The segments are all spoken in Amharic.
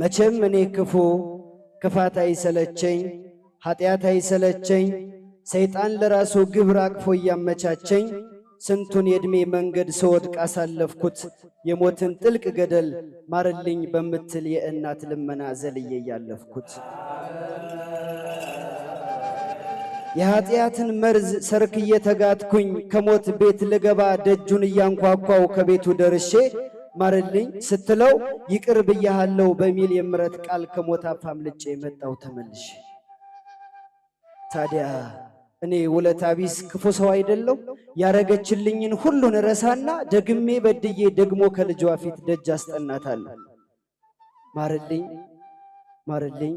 መቼም እኔ ክፉ ክፋት አይሰለቸኝ፣ ኃጢአት አይሰለቸኝ፣ ሰይጣን ለራሱ ግብር አቅፎ እያመቻቸኝ ስንቱን የዕድሜ መንገድ ስወድቅ አሳለፍኩት የሞትን ጥልቅ ገደል ማርልኝ በምትል የእናት ልመና ዘልዬ እያለፍኩት የኀጢአትን መርዝ ሰርክ እየተጋትኩኝ ከሞት ቤት ልገባ ደጁን እያንኳኳው ከቤቱ ደርሼ ማርልኝ ስትለው ይቅር ብያሃለው በሚል የምረት ቃል ከሞት አፍ አምልጬ የመጣው ተመልሼ። ታዲያ እኔ ውለታ ቢስ ክፉ ሰው አይደለው? ያረገችልኝን ሁሉን ረሳና ደግሜ በድዬ ደግሞ ከልጇ ፊት ደጅ አስጠናታለሁ። ማርልኝ ማርልኝ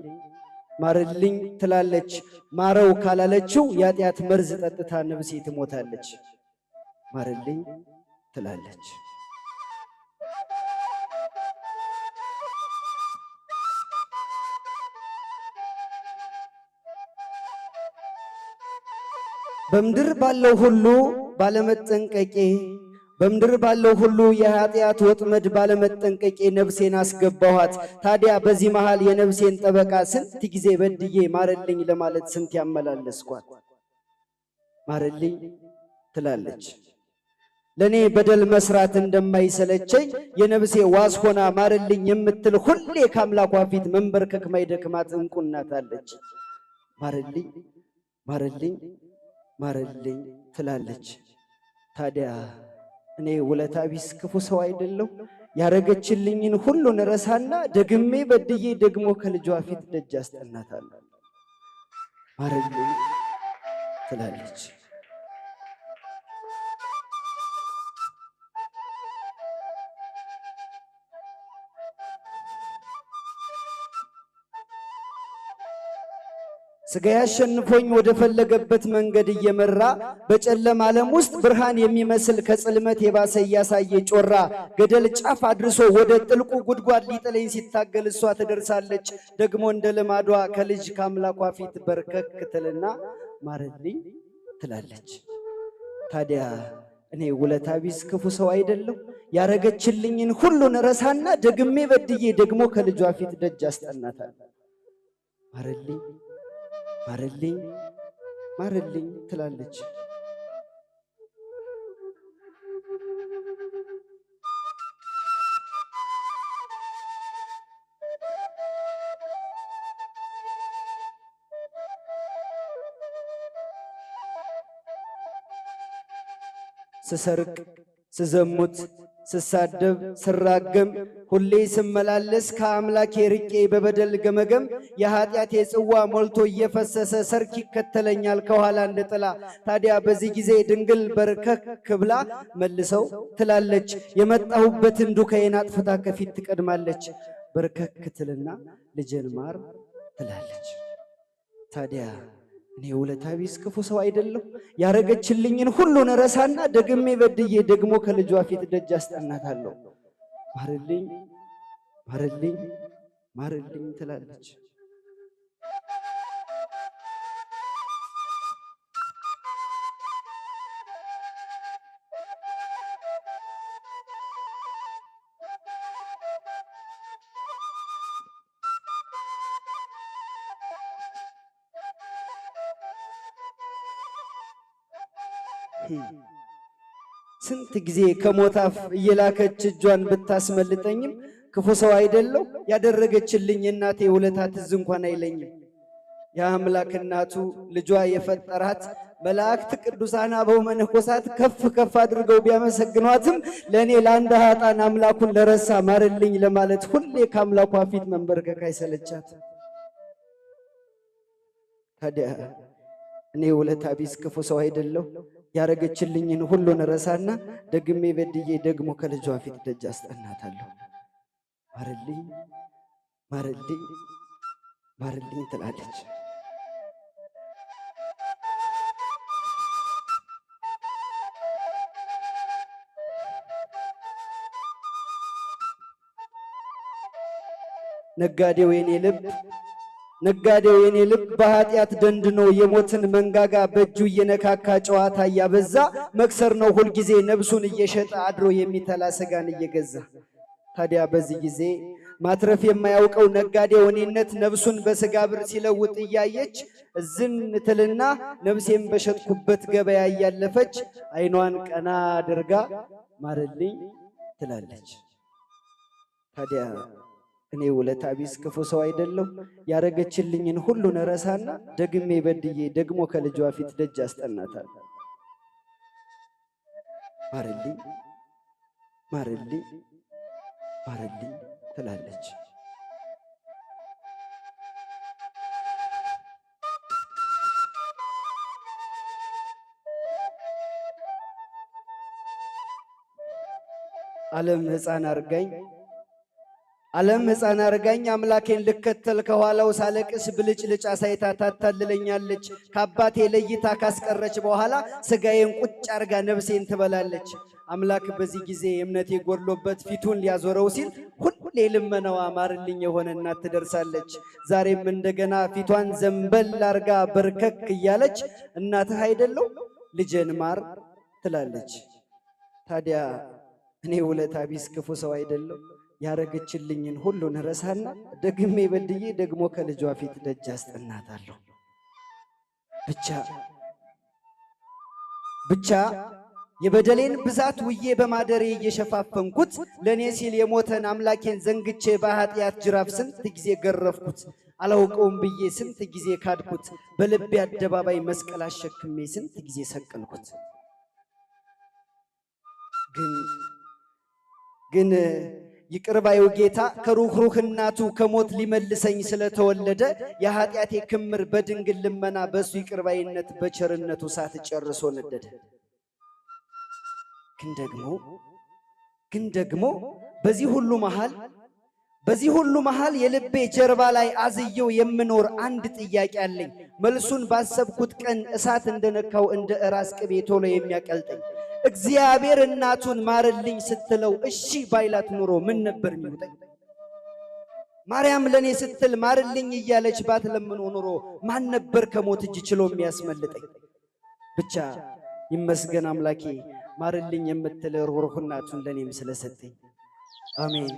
ማርልኝ ትላለች። ማረው ካላለችው የአጢአት መርዝ ጠጥታ ነብሴ ትሞታለች። ማርልኝ ትላለች። በምድር ባለው ሁሉ ባለመጠንቀቄ በምድር ባለው ሁሉ የኃጢአት ወጥመድ ባለመጠንቀቄ ነፍሴን አስገባኋት። ታዲያ በዚህ መሃል የነፍሴን ጠበቃ ስንት ጊዜ በድዬ ማረልኝ ለማለት ስንት ያመላለስኳት ማረልኝ ትላለች። ለእኔ በደል መስራት እንደማይሰለቸኝ የነፍሴ ዋስ ሆና ማረልኝ የምትል ሁሌ ከአምላኳ ፊት መንበርከክ ማይደክማት እንቁ አለች። ማረልኝ ማረልኝ ማረልኝ ትላለች። ታዲያ እኔ ውለታ ቢስ ክፉ ሰው አይደለሁ? ያረገችልኝን ሁሉን ረሳና ደግሜ በድዬ ደግሞ ከልጇ ፊት ደጅ አስጠናታለሁ። ማረልኝ ትላለች። ስጋ ያሸንፎኝ ወደ ፈለገበት መንገድ እየመራ በጨለማ ዓለም ውስጥ ብርሃን የሚመስል ከጽልመት የባሰ እያሳየ ጮራ ገደል ጫፍ አድርሶ ወደ ጥልቁ ጉድጓድ ሊጥለኝ ሲታገል እሷ ትደርሳለች። ደግሞ እንደ ልማዷ ከልጅ ከአምላኳ ፊት በርከክ ትልና ማረልኝ ትላለች። ታዲያ እኔ ውለታ ቢስ ክፉ ሰው አይደለም ያረገችልኝን ሁሉን ረሳና ደግሜ በድዬ ደግሞ ከልጇ ፊት ደጅ አስጠናታል። ማረልኝ ማርልኝ ማርልኝ ትላለች። ስሰርቅ ስዘሙት ስሳደብ ስራገም ሁሌ ስመላለስ ከአምላኬ ርቄ በበደል ገመገም የኃጢአቴ ጽዋ ሞልቶ እየፈሰሰ ሰርክ ይከተለኛል ከኋላ እንደ ጥላ። ታዲያ በዚህ ጊዜ ድንግል በርከክ ብላ መልሰው ትላለች፣ የመጣሁበትን ዱካዬን አጥፍታ ከፊት ትቀድማለች። በርከክ ትልና ልጄን ማር ትላለች። ታዲያ እኔ ውለታ ቢስ ክፉ ሰው አይደለሁ። ያረገችልኝን ሁሉን ረሳና ደግሜ በድዬ ደግሞ ከልጇ ፊት ደጅ አስጠናታለሁ። ማርልኝ፣ ማርልኝ፣ ማርልኝ ትላለች። ስንት ጊዜ ከሞታፍ እየላከች እጇን ብታስመልጠኝም ክፉ ሰው አይደለሁ ያደረገችልኝ እናቴ ውለታ ትዝ እንኳን አይለኝም። የአምላክ እናቱ ልጇ የፈጠራት መላእክት ቅዱሳን አበው መነኮሳት ከፍ ከፍ አድርገው ቢያመሰግኗትም ለእኔ ለአንድ ሀጣን አምላኩን ለረሳ ማርልኝ ለማለት ሁሌ ከአምላኳ ፊት መንበርከክ አይሰለቻት። ታዲያ እኔ ውለታ ቢስ ክፉ ሰው አይደለሁ ያረገችልኝን ሁሉን ረሳና ደግሜ በድዬ ደግሞ ከልጇ ፊት ደጅ አስጠናታለሁ። ማርልኝ ማርልኝ ማርልኝ ትላለች። ነጋዴው የኔ ልብ ነጋዴው የኔ ልብ በኃጢአት ደንድኖ የሞትን መንጋጋ በእጁ እየነካካ ጨዋታ እያበዛ መክሰር ነው ሁልጊዜ ነብሱን እየሸጠ አድሮ የሚተላ ስጋን እየገዛ። ታዲያ በዚህ ጊዜ ማትረፍ የማያውቀው ነጋዴ እኔነት ነብሱን በስጋ ብር ሲለውጥ እያየች እዝን ትልና ነብሴን በሸጥኩበት ገበያ እያለፈች አይኗን ቀና አድርጋ ማርልኝ ትላለች ታዲያ እኔ ውለታ ቢስ ክፉ ሰው አይደለሁ። ያረገችልኝን ሁሉን ረሳና ደግሜ በድዬ ደግሞ ከልጇ ፊት ደጅ አስጠናታል። ማረልኝ ማረልኝ ማረልኝ ትላለች። ዓለም ሕፃን አርጋኝ ዓለም ሕፃን አርጋኝ አምላኬን ልከተል ከኋላው ሳለቅስ ብልጭልጭ አሳይታ ታታልለኛለች። ከአባቴ ለይታ ካስቀረች በኋላ ስጋዬን ቁጭ አርጋ ነፍሴን ትበላለች። አምላክ በዚህ ጊዜ እምነቴ ጎድሎበት ፊቱን ሊያዞረው ሲል ሁሌ ልመናዋ አማርልኝ የሆነ እናት ትደርሳለች። ዛሬም እንደገና ፊቷን ዘንበል አርጋ በርከክ እያለች እናትህ አይደለው ልጄን ማር ትላለች። ታዲያ እኔ ውለታ ቢስ ክፉ ሰው አይደለው ያረገችልኝን ሁሉን ረሳና ደግሜ በድዬ ደግሞ ከልጇ ፊት ደጅ አስጠናታለሁ። ብቻ ብቻ የበደሌን ብዛት ውዬ በማደሬ እየሸፋፈንኩት ለእኔ ሲል የሞተን አምላኬን ዘንግቼ በኃጢአት ጅራፍ ስንት ጊዜ ገረፍኩት። አላውቀውም ብዬ ስንት ጊዜ ካድኩት። በልቤ አደባባይ መስቀል አሸክሜ ስንት ጊዜ ሰቀልኩት። ግን ግን ይቅርባዩ ጌታ ከሩኅሩኅ እናቱ ከሞት ሊመልሰኝ ስለተወለደ የኃጢአቴ ክምር በድንግል ልመና በእሱ ይቅርባይነት በቸርነቱ እሳት ጨርሶ ነደደ። ግን ደግሞ ግን ደግሞ በዚህ ሁሉ መሃል በዚህ ሁሉ መሃል የልቤ ጀርባ ላይ አዝየው የምኖር አንድ ጥያቄ አለኝ። መልሱን ባሰብኩት ቀን እሳት እንደነካው እንደ እራስ ቅቤ ቶሎ የሚያቀልጠኝ እግዚአብሔር እናቱን ማርልኝ ስትለው እሺ ባይላት ኑሮ ምን ነበር የሚውጠኝ? ማርያም ለእኔ ስትል ማርልኝ እያለች ባትለምኖ ኑሮ ማን ነበር ከሞት እጅ ችሎ የሚያስመልጠኝ? ብቻ ይመስገን አምላኬ ማርልኝ የምትል ርኅሩኅ እናቱን ለእኔም ስለሰጠኝ። አሜን።